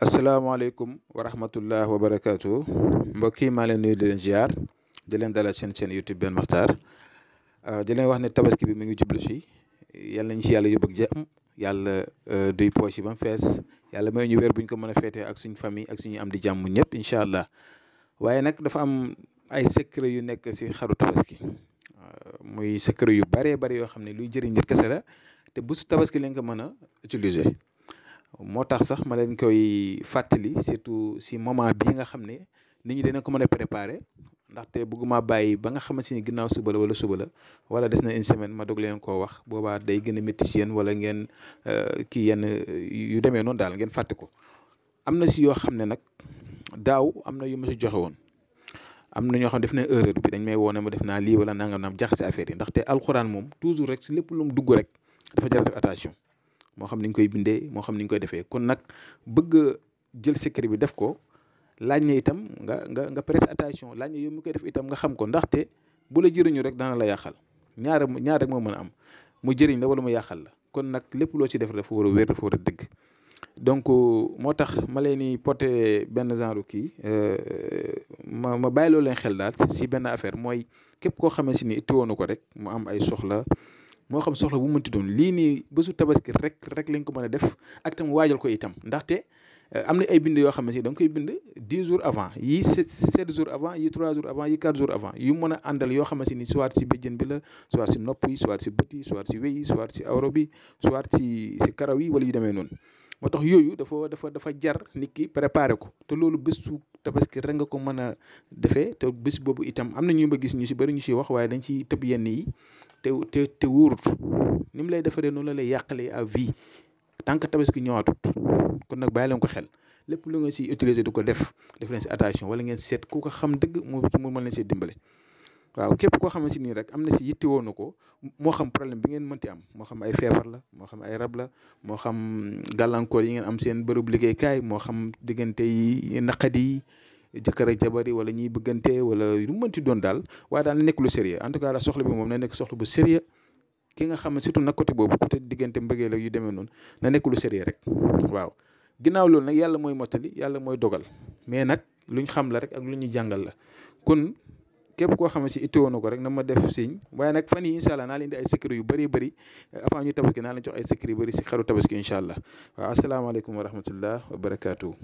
asalaamaaleykum wa rahmatullah wa barakaatu mbokk yi maa leen nuy di leen ziar leen dalal seen seen YouTube benn Makhtar ah, di leen wax ne tabaski bi mu ngi jublu ci yal nañ si yàlla yóbbu ak jàmm yàlla ah, duy poche yi ba mu fees yàlla may ñu weer bu ñu ko mën a feetee ak suñu famille ak suñu am di jàmm ñëpp incha allah waaye nag dafa am ay secret yu nekk si xaru tabaski ah, muy secret yu baree bari yoo xam ne luy jëriñ nit kese la te bu su tabaski lañ ko mën a utiliser. moo tax sax ma leen koy fàttali surtout si moment bii nga xam ne nit ñi dina ko mën a préparer ndaxte bëgguma bàyyi ba nga xamante ni ginnaaw suba la wala suba la wala des na une semaine ma dog leen koo wax booba day gën a métti ci yéen wala ngeen euh, kii yenn yu demee noonu daal ngeen fàtte ko am na si yoo xam ne nag daaw am na yu ma si joxe woon am na ñoo xam def na erreur bi dañ may woone ma def naa lii wala naa nangam naam jaxase affaire yi ndaxte alxuraan moom rek si lépp lu mu dugg rek dafa jar def moo xam ni ñu koy bindee moo xam ni ñu koy defee kon nag bëgg jël secret bi def ko laaj na itam nga nga nga prête attention laaj na yow mi koy def itam nga xam ko ndaxte bu la jëriñu rek dana la yàqal ñaar ñaar rek moo mën a am mu jëriñ la wala mu yàqal la kon nag lépp loo ci def dafa war a wér dafa war a dëgg donc euh, moo tax ma leen di porté benn genre kii euh, ma ma bàyyi loo xel daal si benn affaire mooy képp koo xamante ni itteewoonu ko rek mu am ay soxla. moo xam soxla bu ti doon lii nii bésu tabaski rek rek lañ ko mën a def ak tam waajal ko itam ndaxte euh, am na ay bind yoo xam ne da koy bind 10 jours avant yi 7 jours avant yi 3 jours avant yi 4 jours avant yu mën a àndal yoo xam ne si ni soit si bëjjën bi la soit si nopp yi soit si bët yi soit si wéy yi si awro bi soit si si karaw yi wala yu demee noonu moo tax yooyu dafa dafa dafa jar nit ki préparer ko te loolu bés tabaski rek nga ko mën a defee te bés boobu itam am na ñu ma gis ñu si bëri ñu siy wax waaye dañ ciy tëb yenn yi te te te wóorut ni mu lay defaree noonu la lay yàqalee à vie tant que tabaski ñëwaatut kon nag bàyyi leen ko xel lépp lu nga si utiliser du ko def def leen si attention wala ngeen seet ku ko xam dëgg mu mu mën leen see dimbale. waaw képp koo xamante ni rek am na si yittewoo na ko moo xam problème bi ngeen mënti am moo xam ay feebar la moo xam ay rab la moo xam gàllankoor yi ngeen am seen bërëb liggéeykaay moo xam diggante yi naqadi yi jëkkër ak jabar yi wala ñiy bëggante wala lu mënti doon daal waaye daal nekk lu sérieux en tout cas la soxla bi moom na nekk soxla bu sérieux ki nga xam ne surtout nag côté boobu côté diggante mbëggeel ak yu demee noonu na nekk lu sérieux rek waaw ginnaaw loolu nag yàlla mooy mottali yàlla mooy dogal mais nag luñ xam la rek ak lu ñu jàngal la kon képp koo xamante si itteewoon na ko rek na ma def signe waaye nag fan yi incha allah naa leen di ay secret yu bëri bëri avant ñu naa leen jox ay secret yu bëri si xaru tabaski incha allah waaw asalaamaaleykum wa rahmatullah wa barakaatu.